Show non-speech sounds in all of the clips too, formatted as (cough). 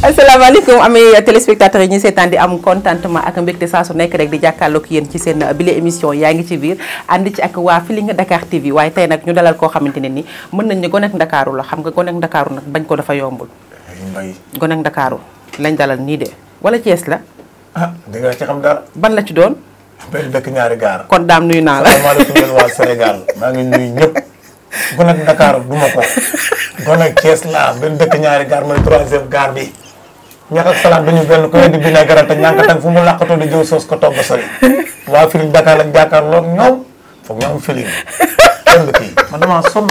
asalaamaaleykum amee téléspectateurs yi ñu seetaan di am contentement ak mbégte saa su nekk rek di jàkkaarloog yéen ci seen bile émission yaa ngi ci biir ànd ci ak waa Feeling Dakar TV waaye tey nag ñu dalal ko xamante ne ni mën nañ ne gonek ndakaaru la xam nga gonek ndakaaru nag bañ ko dafa yombul mbay gonek ndakaaru lañ dalal nii de wala Thiès la ah ci xam dara ban la ci doon dëkk ñaari gaar kon daam naa la salaamaaleykum yéen waa Sénégal maa ngi nuyu ñëpp gonek ndakaaru du ma ko gonek Thiès la benn dëkk ñaari gaar mooy troisième gaar bi ñax ak salaam dañu benn ku weddi bi na garata ñànk tan fu mu làqatoo di jëw soos ko togg sori waa filim Dakar lañ jàkkaarloog ñoom foog ñu am filim kenn du kii man damaa sonn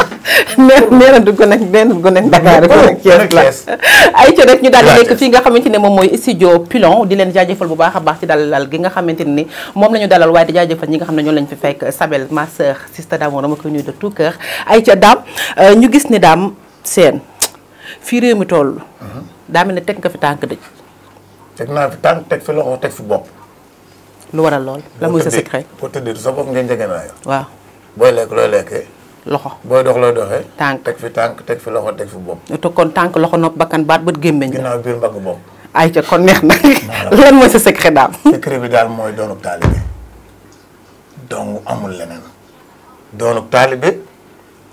nee nee na du gone nee na du rek Thiès la ñu daal nekk fii nga xamante ne moom mooy studio Pilon di leen jaajëfal bu baax baax ci dalal gi nga xamante ne ni moom la ñu dalal waaye ñi nga xam ne ñoo lañ fi fekk Sabel ma sœur sister d'amour koy nuyu de tout cœur ay ca daam euh, ñu gis ni daam seen fii mi toll uh-huh. daa ne teg nga fi tànk dëj. teg naa fi tànk teg fi loxo teg fi bopp. lu waral lool la muy sa secret. boo tëddee sa bopp ngeen jege naa yow. waaw booy lekk looy lekkee. loxo booy dox looy doxee. tànk teg fi tànk teg fi loxo teg fi bopp. te kon tànk loxo nopp bakkan baat bët gémmeñ. ginnaaw biir mbagg bopp. ay ca kon neex na (laughs) lan mooy sa secret daal. (laughs) secret mooy doonub taalibe donc amul leneen doonub taalibe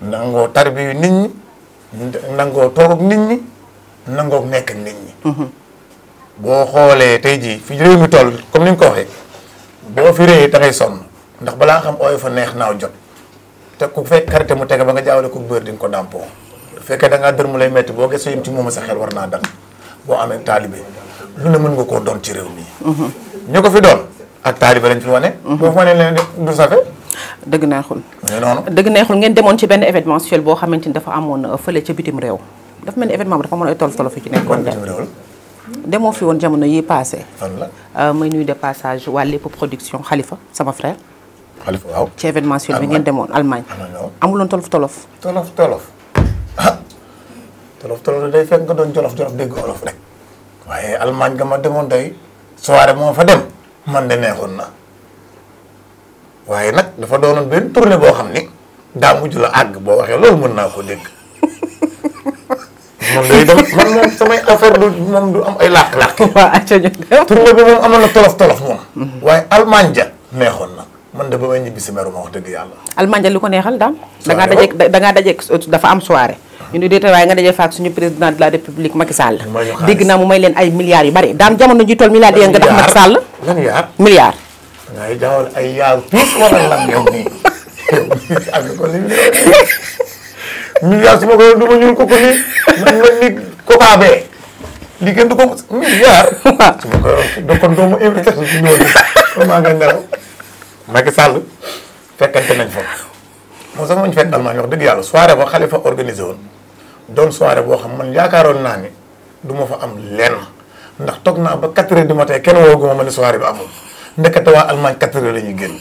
nangoo tarbiyu nit ñi nangoo toog nangook nekk nit ñi. Mm-hmm. boo xoolee tey jii fi réew mi toll comme ni nga ko waxee boo fi réyee da sonn ndax balaa xam ooy fa neex naaw jot te ku fekk karité mu tege ba nga jaawale ko bër di nga ko dàmpoo bu fekkee da ngaa mu lay metti boo gëstoo yem ci moom sa xel war naa dal boo amee taalibe lu ne mën nga koo doon ci réew mi. Mm-hmm. ñu ko fi doon ak taalibe lañ fi wane. Mm-hmm. boo fa wane leen du safe dëgg neexul. noonu dëgg neexul ngeen demoon ci benn événementiel boo xamante ni dafa amoon euh, fële ca bitim réew. dafa mel ni événement bi dafa mën ay tolof tolof yu ci nekkoon demoo fi woon jamono yi passé euh, may nuyu de passage waa lépp production xalifa sama frère Khalifa waaw ci événementiel bi ngeen demoon Allemagne amuloon tolof tolof tolof tolof ah! tolof day fekk nga doon jolof jolof dégg olof rek waaye Allemagne nga ma demoon day soirée moo fa dem man de neexoon na waaye nag dafa doonoon benn tournée boo xam ni daa mujj la àgg boo waxee loolu mën naa ko dégg man moom samay affaire du moom du am ay làkk-làkk. (laughs) waaw ayca bi moom amoon na tolof tolof waaye almaañ ja neexoon na man de ba may ñibbi si meru ma wax dëgg yàlla. almaañ ja li ko neexal daam. da ngaa daje da ngaa daje dafa am soirée. ñu ne déeta waaye nga dajee faak suñu président de la république Macky Sall. dégg naa mu may leen ay milliards yu bari daam jamono ji toll milliards yi nga def Macky Sall. lan yaar milliard. ay jamono ay a tuut wala lan (laughs) yow nii. (laughs) milliard su ma ko yor du ma ñuul kooku nii man man ni coca bee lii kenn du ko milliard. waaw (laughs) su ma ko yor kon doo ma invité maa ngi nelaw. Macky Sall fekkante nañ fa. moom sax ma ñu fekk Allemagne wax dëgg yàlla soirée ba Khalifa organisé woon doon soirée boo xam man yaakaaroon naa ni du ma fa am lenn ndax toog naa ba 4 heures du matin kenn woo gu ma ma ne soirée bi amul ndekete waa Allemagne 4 heures la génn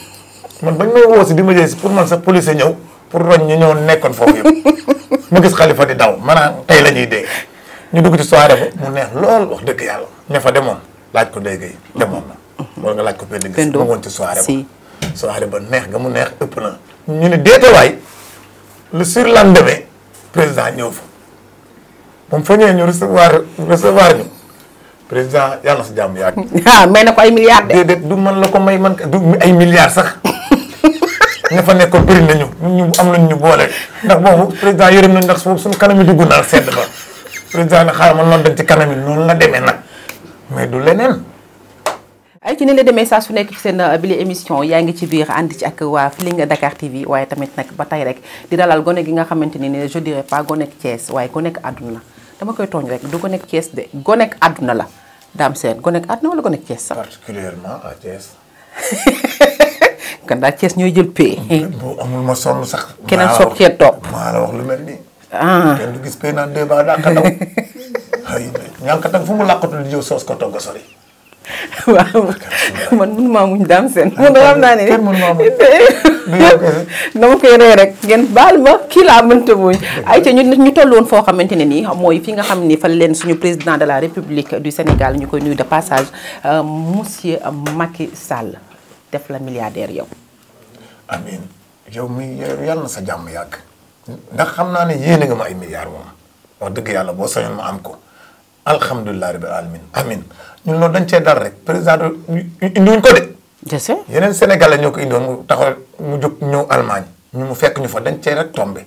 man bañ may woo si di ma jël si pour man sax police ñëw. pour roñ ñu ñëw nekkoon foofu yëpp (laughs) ma gis xalifa di daw maanaam tey la ñuy dee ñu dugg ci soirée ba mu neex lool wax dëgg yàlla ña fa demoon laaj ko ndey gay demoon na nga laaj ko pend gis ma woon ci soirée ba soirée ba neex nga mu neex ëpp na ñu ne deetawaay le surlendemain président ñëw fa moom fa ñëwee ñu recevoir recevoir ñu président yàlla na sa jàmm yàgg (laughs) ah may na ko ay milliards de du man la ko may man du ay milliards sax ña fa nekk bëri nañu ñu am nañ ñu boole ndax boobu président yërëm nañ ndax boobu suñu kanam yi dugg naa sedd ba président na xaaral ma noonu dañ ci kanam yi noonu la demee nag mais du leneen. ay ci ni la demee sax su nekk ci seen uh, bile émission yaa ngi ci biir ànd ci ak waa Feeling Dakar TV waaye tamit nag ba tey rek di dalal gone gi nga xamante ne ne je dirais pas gone Thiès waaye gone àdduna la dama koy tooñ rek du gone Thiès de gone àdduna la Dame Sène gone àdduna wala gone Thiès sax. particulièrement à (laughs) kan daal Thiès ñooy jël pay. boo amul ma sonn sax. keneen soog cee toog maa la wax lu mel nii. Ah. kenn gis pay naan fu mu làqatu di jëw soos ko togg a sori. waaw man mënu maa muñ daam seen. man ah, de xam naa ne kenn mënu koy ree rek ngeen baal ma kii laa mënta muñ. ay ca ñu ñu toll foo xamante ne nii mooy fii nga xam ni fa leen suñu président de la république du Sénégal ñu koy nuyu de passage euh, monsieur Macky Sall. def la milliardaire yow. amiin yow mi yàlla na sa jàmm yàgg. ndax xam naa ne yéene nga ma ay milliards moom wax dëgg yàlla boo sañoon ma am ko alhamdulilah rabbil alamin amin ñun loolu dañ cee dal rek président indiwuñ ko de. je sais yeneen sénégalais ñoo ko indoon mu taxaw mu jóg ñëw Allemagne mu fekk ñu fa dañ cee rek tombé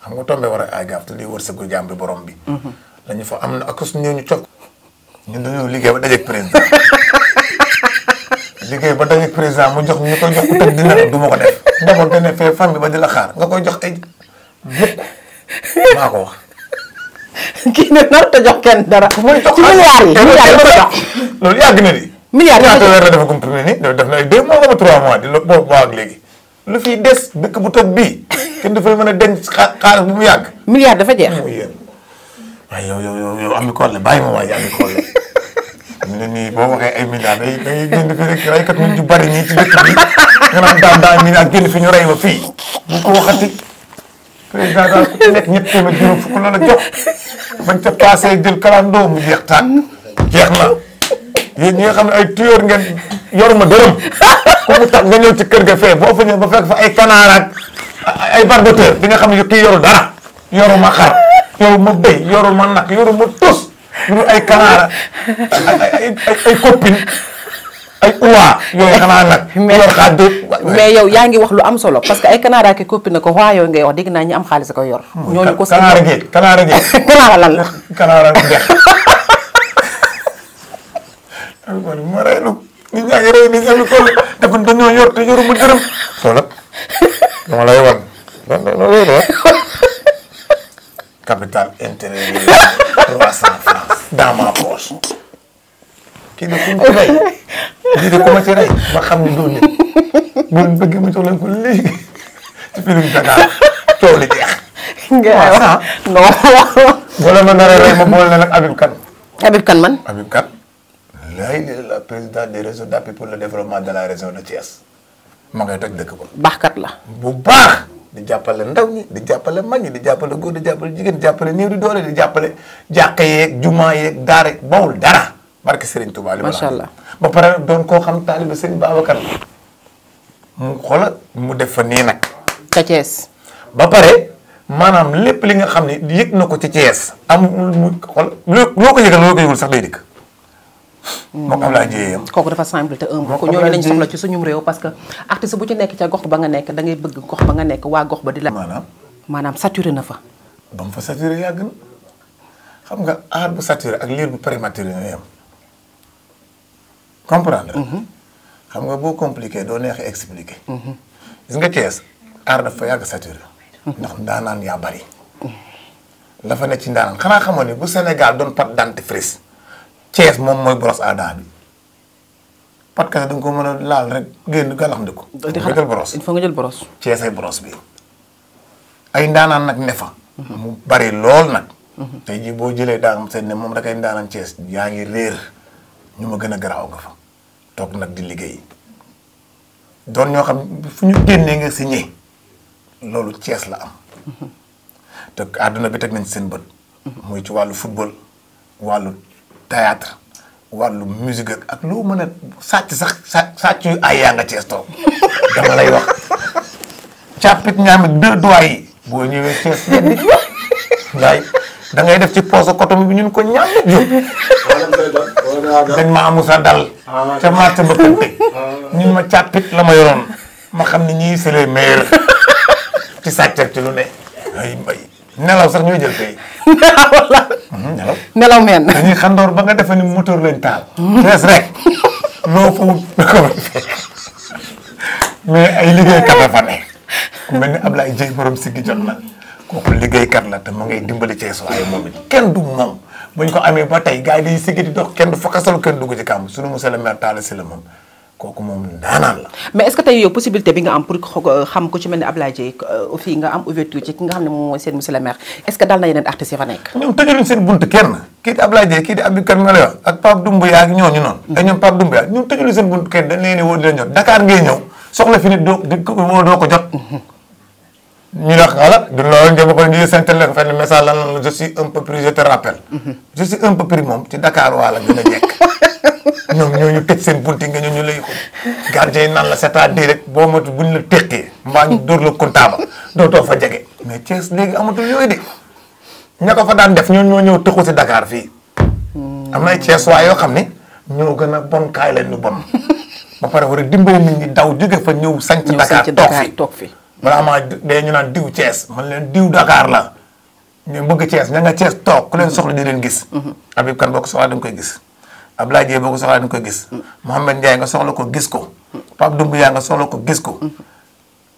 xam nga tombé war a ay gaaf te liy wërsëgu jàmm borom bi. Mhm. lañu fa am na ak su ñëw ñu cokk ñun liggéey ba dajeeg président. (laughs) liggéey ba dawit président mu jox ñu koy jox ku tëdd dina rek du ma ko def demoon te ne fee famille ba di la xaar nga koy jox ay bukk maa ko wax. kii ne nar te jox kenn dara. mooy jox milliards yi milliards yi loolu yàgg na yi ñaata weer la dafa comprimé ni def na ay deux mois trois mois di la boobu ak léegi. lu fiy des dëkk bu tëb bii kenn dafay mën a denc xaalis bu mu yàgg. milliards dafa jeex. waaye yow yow yow yow ami bàyyi ma waaye ami mu ne nii boo waxee ay milliards day day génn fii rek raykat ñu bari nii ci dëkk bi nga naan daan daan mi ak génn fi ñu rey ma fii bu ko waxati président daal ku nekk ñett téeméer fukk la la jox ca passé jël kalandoo mu jeex tàkk jeex na yi ñi nga xam ne ay tueur ngeen yoruma a ku mu tax nga ñëw ci kër ga fee boo fa ñëw ba fekk fa ay kanaar ak ay barbateur di nga xam ne kii yoru dara yoruma xar yoruma béy yoruma nag yoruma tos ñu ay kanaara ay ay copine ay uwaa yooyu xanaa nag. (laughs) mais yow yaa ngi wax lu am solo parce que ay kanaara ki copine na ko waa yooyu ngay wax dégg naa ñi am xaalis koy yor. Hmm, ñooñu ko seen kanaara gi kanaara gi. (laughs) kanaara lan la. kanaara dex. (laughs) ma reylu nit ñaa ngi rey nit ñaa ngi toll dafa dañoo yor te yoru mu dërëm. loolu dama lay wan loolu capital intérêt trois cent francs dans ma kii nag ku ma ci rey kii xam ne doo nit bu leen bëgg ma jox ko léegi ci film Dakar coow li jeex. nga non. wala ma nar a rey la nag Habib Kane. Habib man Habib Kane. lay la président des réseaux d'appui pour le développement de la région de Thiès. ma ngay dëkk ba. baaxkat la. bu baax. di jàppale ndaw ñi di jàppale mag ñi di jàppale góor di jàppale jigéen jàppale néew di doole di jàppale jàkka yeeg juma yeeg daara bawul dara barke Serigne Touba. macha allah ba pare doon koo xam taaliba Serigne Babacar mu xoola mu def fa nii nag. ca ba pare maanaam lépp li nga xam ne yëg na ko ci Thiès. amul mu xool loo ko yëgal loo ko yëgul sax day dikk. moom Ablaye Dieye kooku dafa simple te humble ko ñooñu lañ soxla ci suñum réew parce que artiste bu ci nekk ca gox ba nga nekk da bëgg gox ba nga nekk waa gox ba di la maanaam maanaam saturé na fa ba mu fa saturé yàgg na xam nga aar bu saturé ak liir bu prématuré ñooy am comprendre mhm. xam nga boo compliqué doo neex expliqué mhm. gis nga Thiès aar dafa yàgg saturé mhm. ndax ndaanaan yaa bari la fa ne ci ndaanaan xanaa xamoon ne bu Sénégal doon pat dentifrice Thiès moom mooy brosse à bi parce que da ko mën a laal rek génn gàllankoor. di xanaa il faut nga jël brosse. Thiès ay brosse bi ay ndaanaan nag ne fa. Mhm. mu bari lool nag. Mhm. te jii boo jëlee daanam seen ne moom rek ay ndaanaan Thiès yaa ngi réer ñu ma gën a garaaw nga fa toog nag di liggéey doon ñoo xam fu ñu génnee nga signé loolu cees la am. Mhm. te àdduna bi teg nañ seen bët. muy ci wàllu football wàllu. théâtre wàllu musique ak loo mën a sàcc sax sàcc yu ay yaa nga cees toog dama lay wax càppit nga amit deux doigts boo ñëwee cees yenn waaye da def ci poche coton bi ñun ko ñaanal jóg. dañ ma amusa dal. ca marché ba tëddee. ñun ma càppit la ma yoroon ma xam ne ñii c'est les ci sàcc ci lu ne ay mbay. nelaw sax ñooy jël pay. Mhm, nelaw nelaw meen. dañuy xandoor ba nga defe ni moteur lañ taal. fees rek loo fa wut mais ay liggéeykat la fa ne ku mel ni Ablaye Dieng borom siggi jot na kooku liggéeykat la te mu ngay dimbali Cees waaye moom it kenn du moom bu ñu ko amee ba tey gars yi dañuy siggi di dox kenn du fa xasalu kenn dugg ci kàmm suñu monsieur le maire Talla Sylla kooku moom naanaan la. mais est que tey yow possibilité bi nga am pour euh, xam ku ci mel ni Ablaye Dieye euh, fii nga am ouverture ci ki nga xam ne moom mooy seen monsieur le maire est que daal na yeneen artistes yi fa nekk. ñoom tëjaluñ seen bunt kenn kii di Ablaye mm-hmm. woo di leen jot Dakar ngay ñëw soxla fi nit doo doo ko jot. Mm-hmm. ñu wax voilà du loolu njëkk ba ñu seen téléphone message la je suis un peu pris te rappelle. Mm-hmm. je suis un moom ci Dakar waa la gën a jekk. (laughs) ñoom ñu tëj seen bunti nga ñoo ñu lay ko gardien yi naan la cest à rek boo moytu buñ la teqee mbaa ñu dóor la kontaaba dootoo fa jege mais Thiès léegi amatul yooyu de ña ko fa daan def ñoo ñoo ñëw tëxu si Dakar fii. Hmm. am na ay Thiès yoo xam ne ñoo gën a bon kaay lañ ñu bon (laughs) ba pare war a dimbali nit ñi daw jóge fa ñëw sanc Dakar toog fi toog fi. balaa maa dee ñu naan diw cees man leen diw dakaar la ñu bëgg Thiès ña nga Thiès toog ku leen hmm. soxla di leen gis. Hmm. Habib Kane boo ko soxlaa da nga koy gis. ab Abdoulaye Dieng boo ko soxlaa nga ko gis. Mm. Mouhamed Ndiaye nga soxla ko gis ko. Mm. Pape Doumbia nga soxla ko gis ko. Mm.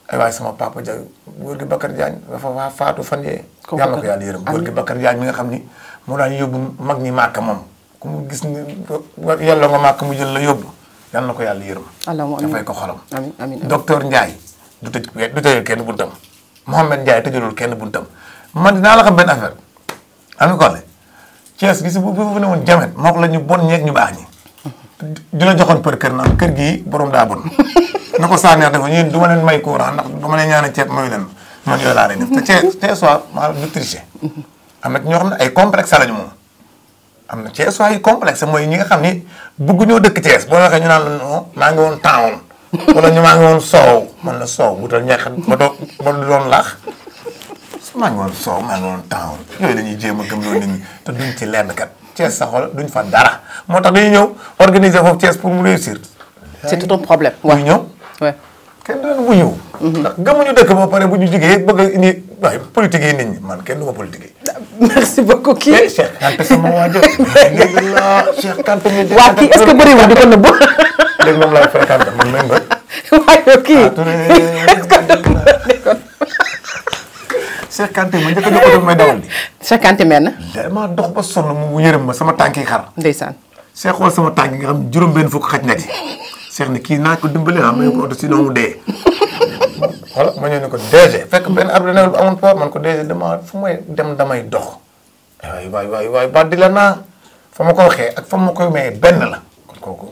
ay waay sama papa ja góor gi Bakar Diagne dafa waa faatu fan yee. yàlla ko yàlla yërëm góor gi nga xam ni moo daan yóbbu mag ñi màkk moom ku mu gis ni yàlla nga mu jël la yóbbu yàlla na ko yàlla yërëm. alaamaaleykum dafay ko xolam. amiin amiin Ndiaye du tëj du tëjal kenn buntam. Mouhamed Ndiaye tëjalul kenn buntam man dinaa la xam benn affaire ami ko Thiès gi si bu bu ne woon jamet mook la ñu bon ñeeg ñu baax ñi di la joxoon për kër gi kër borom daa bon na ko saa neex dafa ñun du ma leen may courant ndax du ma leen ñaan ceeb mooy leen man yooyu laa lay def te Thiès Thiès am na ay complexe lañu moom am na Thiès waa yu complexe mooy ñi nga xam ni bëgg ñoo dëkk Thiès boo waxee ñu naan la non maa ngi woon temps wala ñu maa ngi woon soow man la soow wutal ñeex ba doon laax maa ngi woon soow maa ngi woon temps yooyu la ñuy jéem a gëmloo nit ñi te duñ ci lenn kat Thiès sa xol duñ fa dara moo tax dañuy ñëw organiser foofu Thiès pour mu réussir. c'est tout un problème waaw ñëw. waaw kenn doon bu ñëw. Mhm. ndax gëmuñu dëkk ba pare bu ñu jugee bëgg a indi waaye politique yi nit ñi ma politique. Eh, (laughs) di ko nëbbu. léegi moom laay fréquenté man même ba. (laughs) waaye kii. Ah, Cheikh Kanté ma njëkk a jokkoo may dawal di. Cheikh Kanté mel na. dama dox ba sonn mu yërëm ma sama tànk yi xar. ndeysaan. Cheikh xool sama tànk yi nga xam juróom-benn fukk xaj na ci. Cheikh ne kii naa ko dimbale ah ma ne ko oto si ma ñëw ne ko DG fekk benn arbre nawet bi man ko DG dama fu may dem damay dox. waay waay waay ba di la naa fa ma ko waxee ak fa ma koy mayee benn la kon kooku.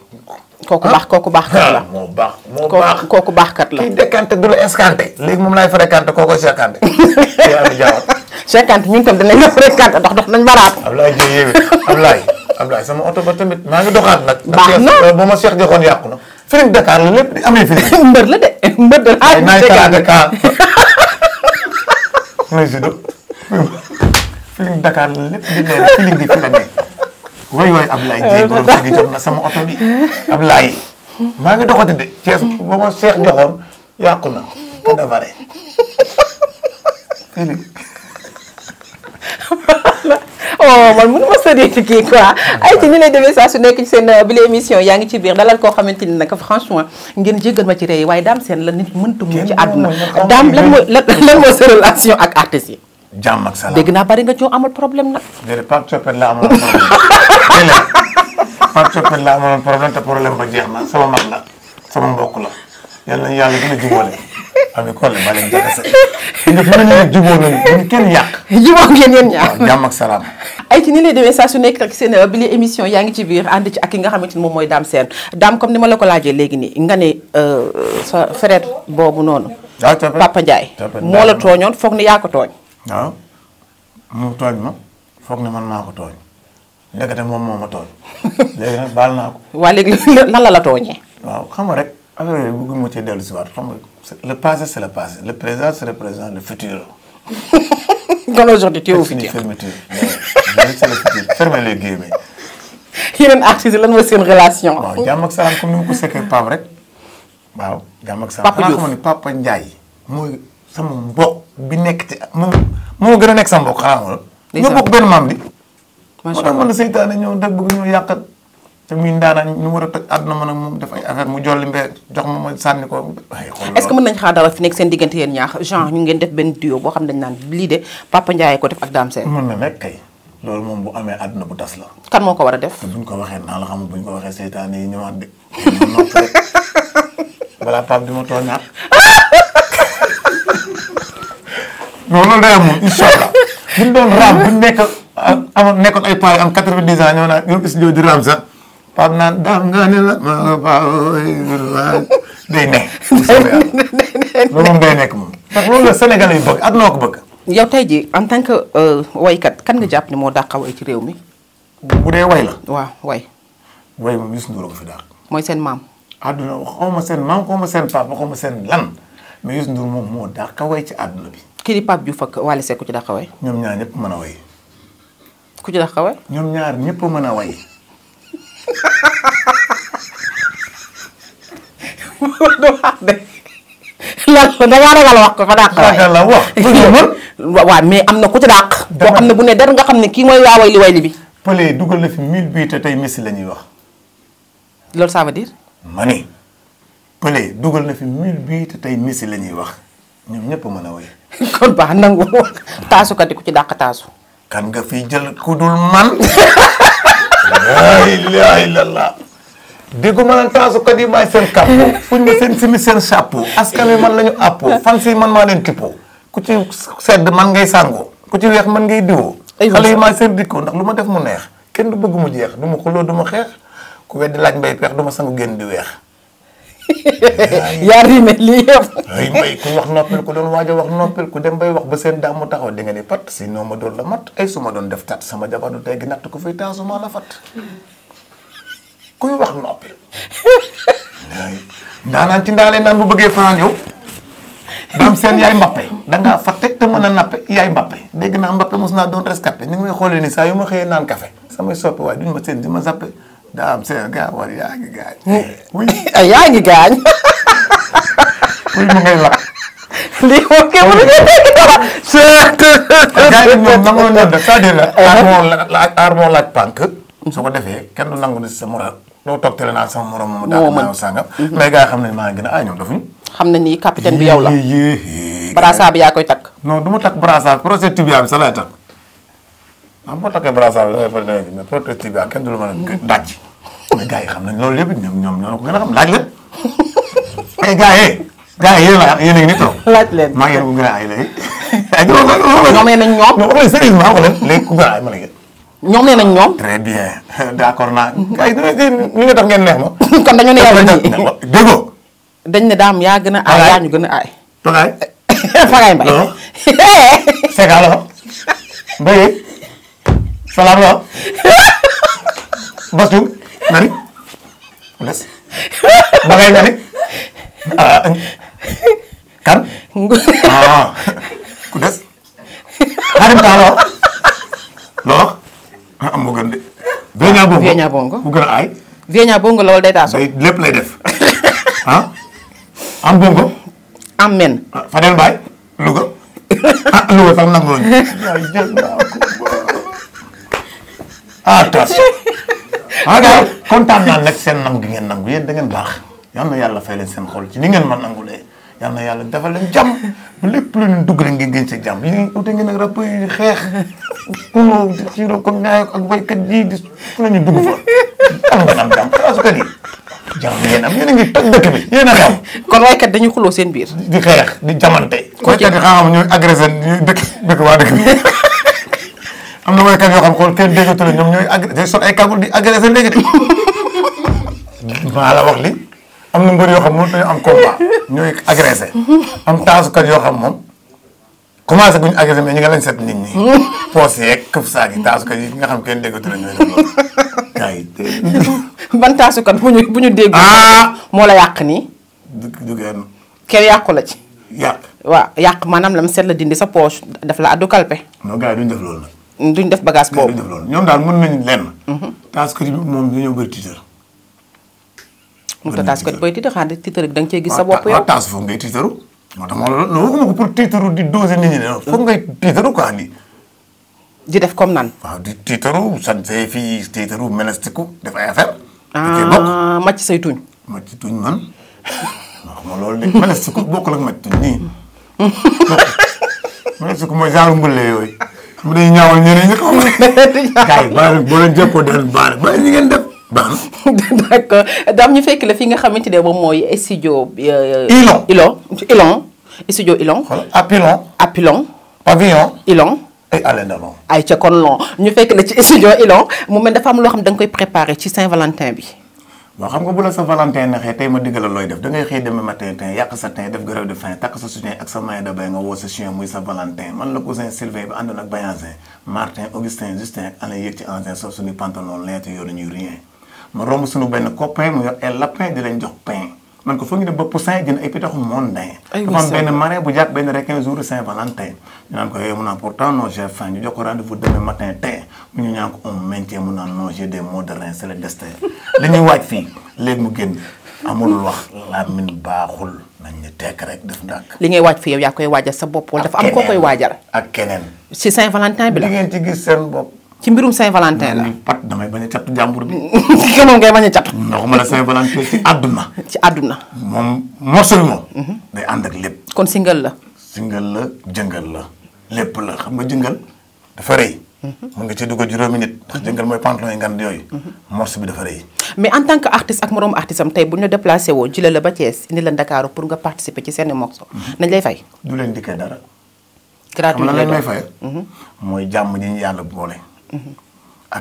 Ah. Ah, kooku baax kooku baax kat la moo baax moo baax kooku baax kat la. kii décanté du la escanté. léegi moom laay fréquenté kooko sécanté. (laughs) yaa ngi jaawaat. sécanté ñun tam dinañ la fréquenté dox dox nañ baraat. Ablaye Dieng yéen Ablaye Ablaye sama oto ba tamit maa ngi doxaat nag. baax na ba ma Cheikh joxoon yàqu na. Feeling Dakar la lépp di amee fii. (laughs) mbër la de mbër de. ay naay kala Dakar Feeling Dakar la lépp di mel Feeling bi fi la nekk. way way Ablaye euh, Dieng borom sëgg jot na sama oto bi Ablaye maa ngi doxati de Cees ba ma seex joxoon yàqu na kada (laughs) oh, man mënu ma sëriñ kii quoi ay ci ñu lay demee saa su nekk seen euh, bi la émission yaa ngi ci biir dalal koo xamante ni nag franchement ngeen jéggal ma ci rey waaye daam seen la nit mënta mu ci àdduna daam lan mooy lan mooy sa relation ak artistes yi jàmm ak salaam dégg naa bari nga coo amal problème nag. déedéet la amoon problème Pape Coppet la amoon problème te problème ba la sama mbokk la yal nañu yàlla gën a jubóole Ami Collé ba leen jaxase ñu fi mu ne nii jubóo nañu ñu kenn yàq. ay ci ni lay demee saa su nekk rek seen uh, bi li émission yaa ngi ci biir ànd ci ak ki nga xamante ni moom mooy Dame Sène Dame comme ni ma la laajee léegi nii nga ne uh, sa frère boobu noonu. Ah, Papa Ndiaye moo la tooñoon foog ni yaa ko tooñ waaw mu tooñ ma foog ne man maa ko tooñ ndekete moom moo ma tooñ (laughs) léegi nag baal naa ko. waa léegi lan la la tooñee. waaw xam nga rek affaire yooyu bëgguma cee dellu si waat xam nga le passé c'est le passé le présent c'est le présent le futur. (laughs) kon aujourd'hui tu es au futur fermeture c'est le futur fermez les guillemets. yeneen artistes lan seen relation. waaw jàmm ak ni ma ko sekkee Pape rek waaw. jàmm ak Papa Diouf sama mbokk bi nekk ci moom moo gën a nekk sama mbokk xanaa moom. ñoo bokk a toj àdduna man ak moom def ay affaire mu jolli mbee jox ma ma sànni ko nekk seen diggante yéen ñaax genre ñu ngeen def benn duo boo xam dañ loolu moom bu amee àdduna bu tas la. kan moo ko war a def. te buñ ko waxee naa la xam buñ ko waxee seytaane yi ñëwaat de. (laughs) balaa Pape di ma tooñaat (laughs) non (laughs) loolu day amoon incha allah buñ raam buñ nekk amoon nekkoon ay paa yu am quatre-vingt-dix ans ñoo naan ñoom di raam sax Pape naan daam nga ne la ma day nekk. (laughs) loolu moom day nekk moom. la Sénégal yi bëgg àdduna ko bëgg. yow tey jii en tant que euh, waykat kan nga jàpp ne moo dàqa way ci réew mi. bu dee way la. way. way moom Youssou Ndour ko fi dàq. mooy seen maam. àdduna xaw ma seen maam xaw seen papa xaw ma seen lan. ma Youssou Ndour moom moo dàqa way ci àdduna bi. kii di Pape Diouf ak Wally ku ci dàqa way. ñoom ñaar ñëpp mën a way. ku ci dàqa way. ñoom ñaar ñëpp mën a way. lan (laughs) da ngaa ragal wax ko fa dàq waay wax (laughs) waaw mais am na ku ci dàq boo xam ne bu ne der nga xam ne kii mooy waa way li way bi pëlee dugal na fi mille bii te tey Messi la ñuy wax loolu ça veut Pelé dugal na fi mille bi te tey Messi la ñuy wax ñoom ñëpp mën a woy. (laughs) kon baax nangu taasukat yi ku ci dàq taasu. kan nga fi jël ku dul man. laa (laughs) ilaaha illallaah. déggu ma naan taasukat yi maay seen kàppo fuñ ma seen simi seen chapeau askan wi man la ñu àppoo fan si man maa leen tippoo ku ci sedd man ngay sàngoo ku ci weex man ngay diwoo. xale yi maay seen dikkoo ndax lu ma def mu neex kenn du bëgg mu jeex du ma xuloo du ma xeex ku weddi laaj mbay peex du ma sangu génn bi weex. yaa rime lii yëpp bay ku wax noppil ku doon waaj a wax noppil ku dem bay wax ba seen daamu taxaw di nga ni pat si noo ma doon la mat ay su ma doon def tat sama jabar du tey gi natt ko fay taasuma la fat kuy wax noppil naan ci ndaale naan bu bëggee fanaan yow daam seen yaay mbappe dangaa fa teg te mën a nappe yaay mbappe dégg naa mbappe mos naa doon rescapé ni ngi may xoolee ni saa yu ma xëyee naan café samay soppi waaye duñ ma seen di ma zappe Now I'm saying, God, what yaa ngi gaañ. yaa ngi gaañ. wuy mu ngay lakk. lii moom kenn mënu ñu dégg dara. gaañ bi moom nangu na (laughs) def c'est-à-dire uh-huh. la. aar moo laaj aar moo laaj pànk. su ko defee kenn du nangu ne sa moral. doo toog tele naa sama morom moomu. moo mën daal sangam. Mm-hmm. mais gars yi xam nañ maa ngi gën a ah ñoom dafuñ. xam nañ ni capitaine bi yow la. brassard bi yaa koy takk. non du ma takk brassard projet tibia bi sa lay takk. ah boo takkee brassard bi dafay fa nekk mais projet tibia kenn du la mën a dàcc. mais gars yi xam nañ loolu yëpp ñoom ñoom ñoo ko a xam laaj leen. a a ngi nii trop. maa ngi leen gën a ay léegi. ñoom nee nañ ñoom. mais leen a ay ñoom nee nañ ñoom. très bien d' accord naa. ay li nga tax ngeen neex ma. kon dañu ne yow nii déggoo. dañ ne daam yaa gën a aay yaa ñu gën a aay. Togaay. Fagaay Mbaye. non nga ni des ba ngay nga ni kan ah ku des xaarim taala loo am moo gën de Vienna Bongo Vienna Bongo ku gën a aay Vienna Bongo la wala day taasu lépp lay def ah am bongo am men ah, Fadel Mbaye Louga ah Louga sax nangu nañu ah tas ah gars kontaan naa nag seen nangu gi ngeen nangu yéen da ngeen baax yal na yàlla fay leen seen xol ci ni ngeen ma nangulee yal na yàlla defal leen jàmm ba lépp lu leen dugg rek ngeen gën ci jàmm yéen ute ngeen ak rap yi xeex pour ci ak baykat yi di fu la ñu dugg fa am ngeen am jàmm xaasukat ngeen am yéen a ngi toj dëkk bi yéen a xam kon waykat dañu xuloo seen biir di xeex di jamante waykat yi xam ñooy agressé dëkk dëkk waa dëkk bi am na woykat yoo xam kon kenn déggatu la ñoom ñooy agré sol ay kàggu di agressé léegi maa la wax li am na mbër yoo xam mënut nañu am combat ñooy agressé yoo xam moom commencé guñu agressé mais ñi nga lañ set nit ñi poos yeeg këf saag yi taasukat nga xam kenn déggatu la ñooy def loolu yaa ngi ban taasukat bu ñu dégg ah! moo la yàq nii du genn kenn yàqu la ci yàq waa yàq maanaam lam set la dindi sa poche daf la addu kalpe non duñ def bagage boobu duñ loolu ñoom daal mën nañu lenn. Mhm. taskati bi moom dañoo bëri tiitër. mën nañu taskati booy tiitër xanaa tiitër da nga gis sa bopp yow. waaw moo tax ma loolu ko pour tiitëru di doser ko ñi ne foog nii. di def comme nan. waaw di tiitaru sant fii tiitaru melestiku def ay affaire. ah màcc say tuñ. màcc loolu de melestiku bokkul ak màcc tuñ nii (laughs) yooyu. bu dee ñaawal ñeneen ñi xam nga. kay baal boo leen jëppoo dal baal baal ñi ngeen def baax na. (laughs) d'accord daam ñu fekk la fi nga xamante ne moom mooy studio. Euh, Ilon Ilon Ilon studio Ilon. Apilon Apilon. Pavillon Ilon. ay Allé Ndalon. ay ca kon lon ñu fekk la ci (laughs) studio Ilon mu mel dafa am loo xam da nga koy préparé ci Saint-Valentin bi. waa xam nga bu la sa Valentin naxee tey ma diggalal looy def da xëy demain matin tin yàq sa tin def grève de faim takk sa soutien ak sa maillot de nga woo sa chien muy sa Valentin man la cousin Sylvain bi àndoon ak Bayanzin Martin Augustin Justin ak Alain yëg ci engin sauf suñu pantalon leente yoonu ñuy rien ma romb suñu benn copain mu yor el lapin di leen jox pain man ko foog ñu ne ba Poussin jënd ay pitaxu mondain dafa am benn marin bu jàpp benn rek 15 jours Saint Valentin ñu naan ko yooyu mun naa pourtant ñu ñaan ko on maintient mu naan non des maux de rein c'est le destin (laughs) li ñuy waaj fii léegi mu génn amul wax làmmiñ baaxul nañ ne tekk rek def ndànk. li ngay waaj fii yow yaa koy waajal sa bopp wala dafa am koo koy waajal. ak keneen ci Saint-Valentin bi la. li ngeen ci gis seen bopp. ci mbirum Saint-Valentin la. pat damay bañ (laughs) ngay bañ a catu. waxuma la Saint-Valentin ci àdduna. (laughs) ci àdduna. moom mosul moom. Mhm. day ànd ak lépp. kon singal la. singal la jëngal la lépp la xam nga jëngal dafa rëy. mun nga ci dugal juróomi nit ndax jëngal mooy pantalon yi ngand yooyu morceau bi dafa rëy mais en tant que artiste ak moroom artiste am tey bu ñu déplacé woo jëlee la ba Thiès indi la Ndakaaru pour nga participer ci seeni morceau mhm. nañ lay fay du leen dikkee dara gratuit mhm. mhm.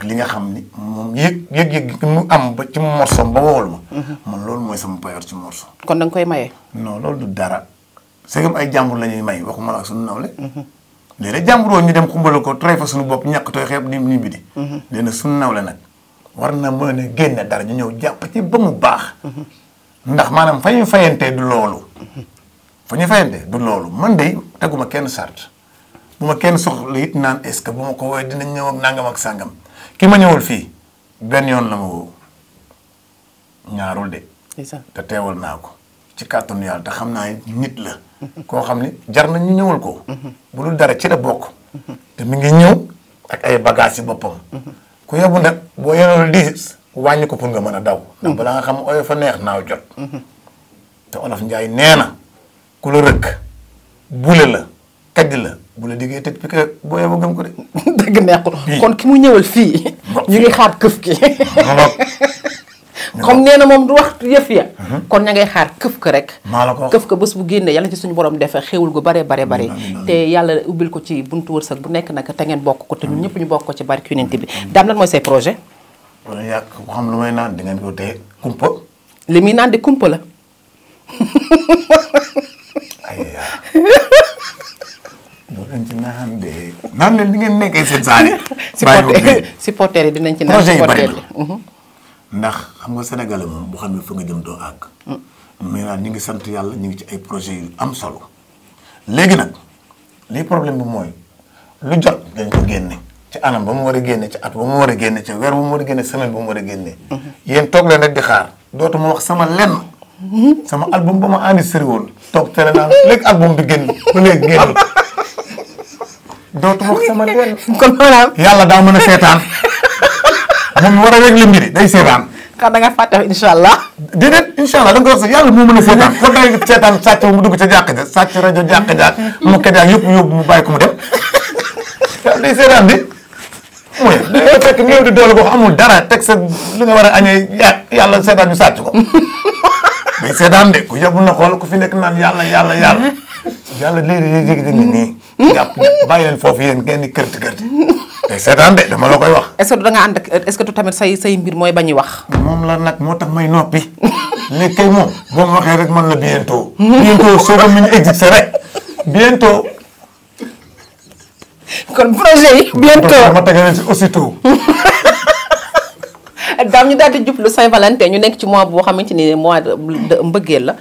li nga xam ni moom yëg yëg-yëg mu am ba ci morceau ba wowal ma man loolu mooy sama payoor ci morceau kon da nga koy maye non loolu du dara c'est comme ay jàmbur la may waxuma la ak suñu nawle léegi nag jàmburoo ñu dem xumbala ko tray fa suñu bopp ñàkk tooy xeeb ni ni bi di léegi mhm. suñu naw la nag war na mën a génne dara ñu ñëw jàpp ci ba mu baax mhm. ndax maanaam fa ñu fayantee du loolu mhm. fa ñuy fayantee du loolu man de teguma kenn sart bu ma kenn soxla it naan est-ce que bu ma ko woowee dinañ ñëw ak nangam ak sàngam ki ma ñëwul fii benn yoon la ma woowu ñaarul de te teewal naa ko ci kàttanu yàlla te xam naa nit la. koo xam ne jar na ñu ñëwal ko. bu dul dara ci la bokk. te mi ngi ñëw ak ay bagages ci boppam. ku yóbbu nag boo yoree diis wàññi ko pour mën a daw. ndax nga xam ooyo fa neex naaw jot. te nee na ku la rëkk la bu la diggee tëj pique boo yóbbu gëm ko de. (laughs) dëgg neexul kon ki mu ñëwal fii. ñu ngi xaar këf ki. comme nee na moom du wax yëf ya uh-huh. kon ña ngay xaar këf ka rek këf ka bés bu génnee yàlla ci suñu borom defe xéewul gu bare bare bare te yàlla ubbil ko ci buntu wërsëg bu nekk nag te ngeen bokk ko te ñëpp ñu bokk ko ci barke Yonent bi daam lan mooy say projet yàq ko xam lu may naan di ngeen ko tee kumpa li muy naan di kumpa la dinañ ci naan de naan leen di ngeen (laughs) yi dinañ ci naan supporter yi mhm. ndax xam nga Sénégal moom boo xam ne fa nga jëm doo àgg. Mm. maintenant ñu ngi sant yàlla ñu ngi ci ay projets yu am solo. léegi nag li problème bi mooy lu jot dañ ko génne ci anam ba mu war a génne ci at ba mu war a génne ci weer ba mu war a génne semaine ba mu war a génne. Mm-hmm. yéen toog leen rek di xaar dootuma wax sama lenn. Mm-hmm. sama album ba ma enregistré woon. toog tere naa léegi album bi génn ba léegi génn (laughs) dootuma wax sama lenn. yàlla daa mën a seetaan. (laughs) dafa war a régler mbiri day seetaan. xam na fàtte incha allah. de incha allah da nga ko wax yàlla moo mën a seetaan (laughs) ko day seetaan sàcc mu mu ko jaak yëpp yóbbu mu bàyyi ko mu teg sa li nga war a yàlla seetaan ñu sàcc ko (laughs) day seetaan de ku yóbbu na xool ku fi nekk naan yàlla yàlla yàlla (laughs) yàlla léeg-léeg yéegi-yéegi nii hmm? jàpp bàyyi leen foofu yéen ngeen di kërti kërti tey seetaan de dama la koy wax. est-ce que da nga ànd ak est-ce que tu tamit say say mbir mooy bañuy wax. moom la nag moo tax may noppi léegi kay moom boo ma waxee rek man la bientôt. bientôt soo ko mën a exister rek bientôt. kon projet yi bientôt ma tegale ci daam ñu daal di jublu Saint-Valentin ñu nekk ci mois boo xamante ni mois de mbëggeel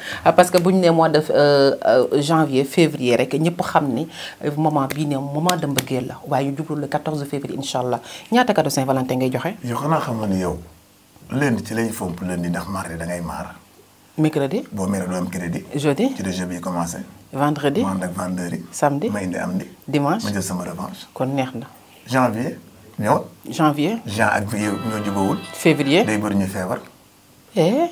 que bu ñu nee mois de euh, euh, janvier février rek ñëpp xam ni euh, moment bii ne moment de mbëggeel la waaye ñu jublu le 14 février incha allah ñaata cadeau Saint-Valentin ngay joxe. yow xanaa xam nga ni yow lundi ci lañ fomp lundi ndax mardi da ngay maar. mercredi boo meree doo am crédit. jeudi ci région bi commencé. vendredi ma ànd ak vendredi. samedi ma indi am di. dimanche ma jël sama revanche. kon neex na. janvier. ñëw. janvier. janvier ñoo jubawul. février day bëri ñu feebar. Eh?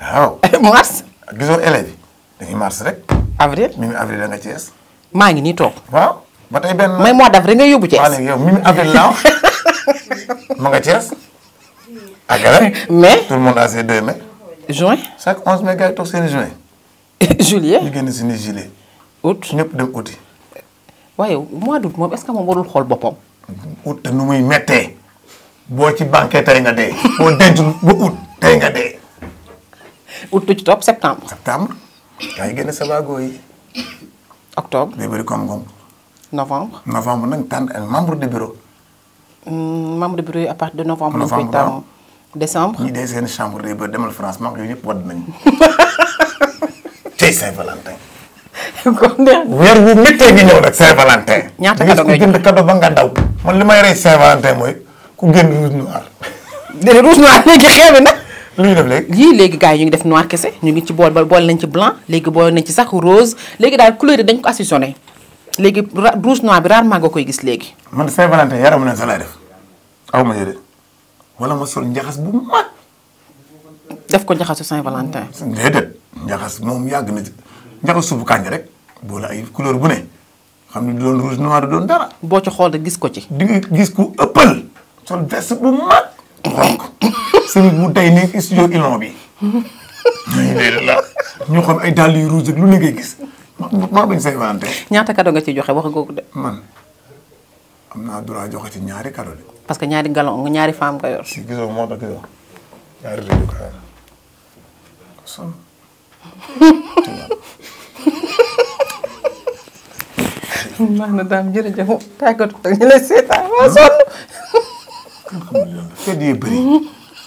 waaw. (laughs) mars. gisoo élèves yi dañuy mars rek. nga Thiès. maa ngi nii toog. waaw ba benn. mooy mois d'avril nga yóbbu Thiès. waaw léegi yow mi (laughs) ma nga Thiès. ak mais tout le monde a ses deux mai. juin chaque seen juin. (laughs) juillet ñu génn suñu juillet. août ñëpp dem août. waaye mois d'août moom est-ce que moom warul xool boppam. ut ak nu muy mete boo ci banqué tey nga dee boo denc ba ut tey nga dee. ut lu ci topp septembre. septembre. yaa ngi génne sabago yi. octobre. day bëri koom-koom. novembre. novembre nag tànn ak membre de bureau. Hmm, membre de bureau yi à de novembre. novembre lañ koy tànn décembre. ñi dee seen chambre day bëri demal France membre yooyu ñëpp wadd nañu. (laughs) tey Saint-Valentin. (laughs) weer wu méttee ngi ñëw nag Saint-Valentin. ñaata kado ngay jënd kado ba nga daw. man li may rey Saint-Valentin mooy ku génn rouge noir. déedéet léegi xeewi na. lu ñu def léegi. yii yi ñu ngi def noir kese ñu ngi ci bool ba bool nañ ci blanc léegi bool nañ ci sax rose léegi daal couleur yi dañ ko assaisonné léegi rouge noir bi rarement nga koy gis léegi. man Saint-Valentin yaram na sa laay def aw ma yére wala ma sol njaxas bu mag. def ko njaxasu Saint-Valentin. déedéet njaxas moom yàgg na ci. njaxas suufu kànja rek boole ay couleur bu ne xam ne du doon rouge noir doon dara. boo ci xool rek gis ko ci. di gis ku ëppal. sol veste bu mag. ronk sëñ bu day ni studio Ilon bi. (laughs) ñu xam ay dàll yu rouge ak lu ne ngay gis ma ma bañ say nga ci joxe wax googu de. man am naa droit ci ñaari cadeau de. parce que ñaari galon ñaari femme moo tax (laughs) maanaam daam jërëjëf tàggatu ak ñu lay seetaan ma sonn. alhamdulilah fête yi bëri.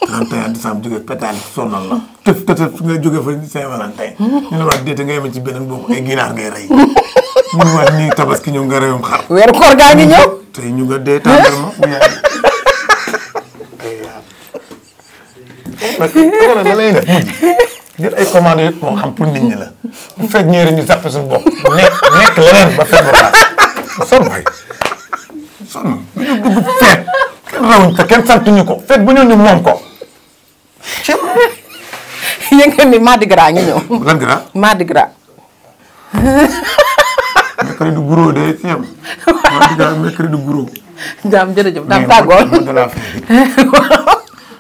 31 décembre jóge pétale sonal la. tëf tëf nga jóge fa Saint-Valentin. ñu ne waat nga ci beneen boobu rey. ñu ne waat nii tabaski ñëw nga reyum xar. weeru koor gaa ngi ñëw. tey ñu nga dee tàndarma bu yaay. parce que da lay def ñun ay commandes yëpp moo xam pour nit ñi la bu fekk ñeeri ñu jàpp suñu bopp nekk nekk leneen ba feebar ba sonn waay sonn lu ñu dugg feet kenn rawuñ te kenn santuñu ko feet bu ñu ni moom ko ci ya ngeen ni Mardi Gras ñu ñëw lan gras Mardi Gras mercredi du gros day ci yam Mardi Gras mercredi du gros jaam jërëjëf daam tàggool (laughs)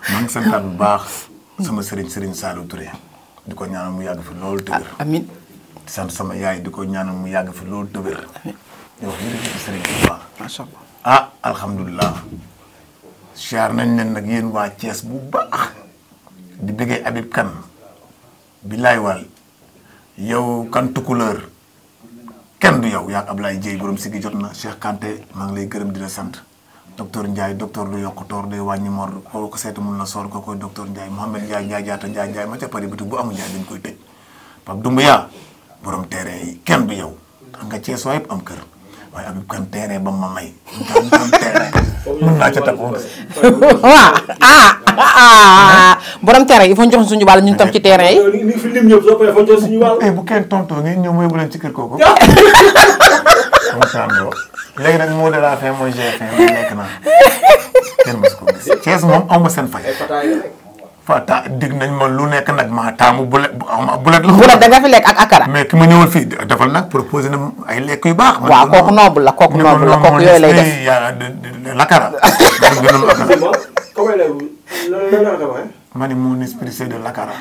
maa ngi santaat bu baax sama sëriñ sëriñ Saliou Touré di ko ñaanal mu yàgg fi loolu te sant sama yaay di ko ñaanal mu yàgg fi loolu te ah alhamdulilah. siyaar nañ leen nag yéen waa cees bu baax. di bëggee Habib Kane. billaay wal yow kan tukkuleur kenn du yow yaa Ablaye Dieye borom si gi jot na Cheikh Kanté maa ngi lay gërëm dina sant. docteur Ndiaye docteur du yokk toor day wàññi mor xaw ko seeta mun na soor ko koy docteur Ndiaye Mohamed Ndiaye Ndiaye jaata Ndiaye Ndiaye ma ca Paris bitig bu amul Ndiaye dañ koy tëj Pape Doumbouya borom terrain yi kenn du yow xam nga Thiès am kër waaye Habib Kane terrain ba ma may. Habib Kane mun naa ca takk (laughs) waaw ah, ah. borom terrain il yi ñu jox suñu wàll ñun tam ci terrain yi. bu kenn tontoo ngeen ñëw mooy bu leen ci kër kooku. léegi nag mot de la nekk naa kenn mës ko gis Thiès moom aw seen fay. fata dig nañ ma lu nekk nag ma taamu bulet bulet la. bulet da nga fi lekk ak akara. mais ki ma ñëwal fii defal nag proposé na ay lekk yu baax. waaw kooku noobu la kooku noobu la kooku yooyu lay def. lakara. ma ne mon esprit c'est de lakara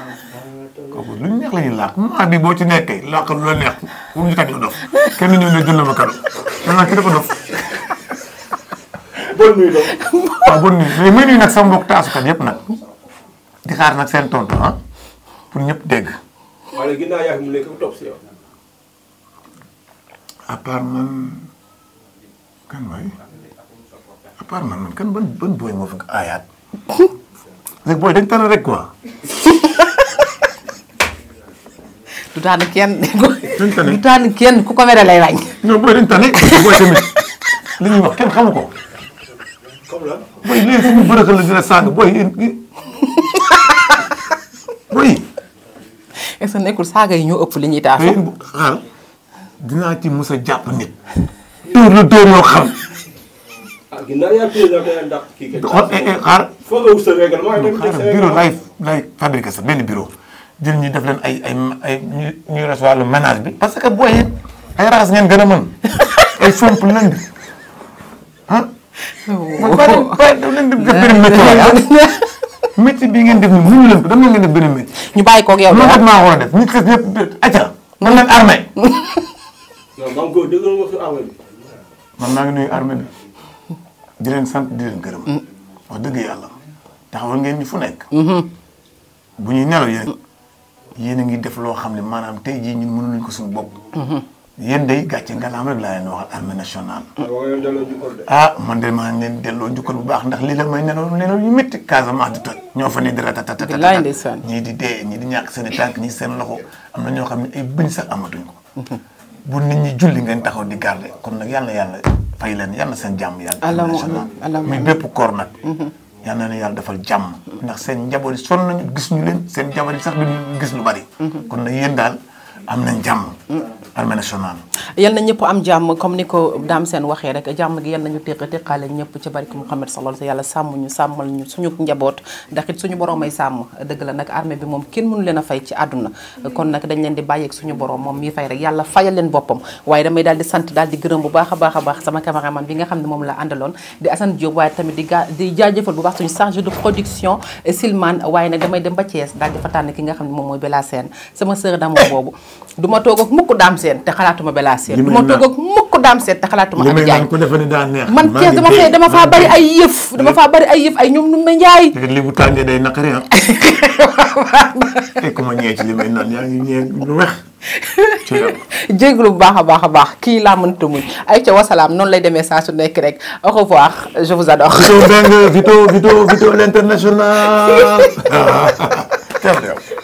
kooku lu neex la ñuy làkk maa bi boo ci nekkee làkk lu la neex pour ñu tàggatoo dof kenn ñëw ne jël ma kado maanaam ki dafa dof. bon nuyu dof. waaw bon muy nuyu nag sama mbokk taasukat yëpp nag di xaar nag seen tontu ah pour ñëpp dégg. waaye man kan waay à man man kan ban ban booy moo fi aayaat. nag booy dañ tane rek quoi. (laughs) du tànn kenn. (laughs) dañ du tànn kenn ku ko mere lay wàññi. non booy dañ tane li ñuy wax kenn xamu ko. comme lan booy léegi suñu la dina sàng booy booy. est-ce que nekkul saaga yi ñoo ëpp li ñuy taasu. xaar dinaa ci mus a jàpp nit. dóor la dóor yoo xam. ginnaaw yaa président da lay lay benn bureau jël ñu def leen ay ay ay ñuy bi. parce que booy it ay raxas ngeen gën a mën ay fomp lënd ah. man boo leen def benn météo ah. métier bi ngeen def nii mu leen ko dama leen def beneen métier. ñu bàyyi koog yow de waaw ah. maa war a def ñu maa ngi nuyu armée di leen sant di leen gërëm. Mm. wax dëgg yàlla taxawal ngeen ñu fu nekk. Mm-hmm. bu ñuy nelaw yéen. yéen a ngi def loo xam ne maanaam tey jii ñun mënuñu ko suñu bopp. Mm-hmm. yéen day gàcce ngalaam rek laa leen waxal armée nationale. Ah, ah man de maa ngi delloo njukkal bu baax ndax lii la may nelaw nelaw yu metti Casamance di toj. ñoo fa ne dara tatatatata ñii di dee ñii di ñàkk seen i tànk ñii seen loxo am na ñoo xam ne ay bëñ sax amatuñ ko. Mm-hmm. bu nit ñi julli ngeen taxaw di garder kon nag yàlla yàlla fay leen yàlla seen jàmm yàlla national muy bépp koor nag mhm. yàlla na yàlla defal jàmm ndax seen njaboot yi sonn nañu gis ñu leen seen jabar yi sax duñu gis lu bari mhm. kon nag yéen daal am nañ jàmm armée nationale. yal na ñëpp am jàmm comme ni ko daam seen waxee rek jàmm gi yal nañu téq téqaale ñëpp ci barki Muhammad sallallahu alayhi wa sallam yàlla sàmm ñu sàmmal ñu suñu njaboot ndax it suñu borom ay sàmm la nag armée bi moom kenn mënu leen a fay ci àdduna kon nag dañ leen di bàyyeeg suñu borom moom mi fay rek yàlla fayal leen boppam waaye damay daal di sant daal di gërëm bu baax a baax a baax sama cameraman bi nga xam ne moom la àndaloon di Assane Diop waaye tamit di ga di jaajëfal bu baax suñu chargé de production eh, Silman waaye nag damay dem ba Thiès daal di fa ki nga xam ne moom mooy Bella Sène sama sœur d'amour boobu duma toog mukk daam seen te xalaatuma belaa seen du ma toog ak mukk daam seen te xalaatuma Ami Diagne ku defe ne daa neex man Thiès dama fee dama faa bari ay yëf dama faa bari ay yëf ay ñoom nu ma njaay li bu tàngee day naqari ah (laughs) ku ma ñee ci li may naan yaa ngi baax a baax a baax kii laa mënta muñ ay ca wasalaam noonu lay demee saa su nekk rek au revoir je vous adore Vito Mbengue (laughs) Vito Vito Vito l'international (laughs)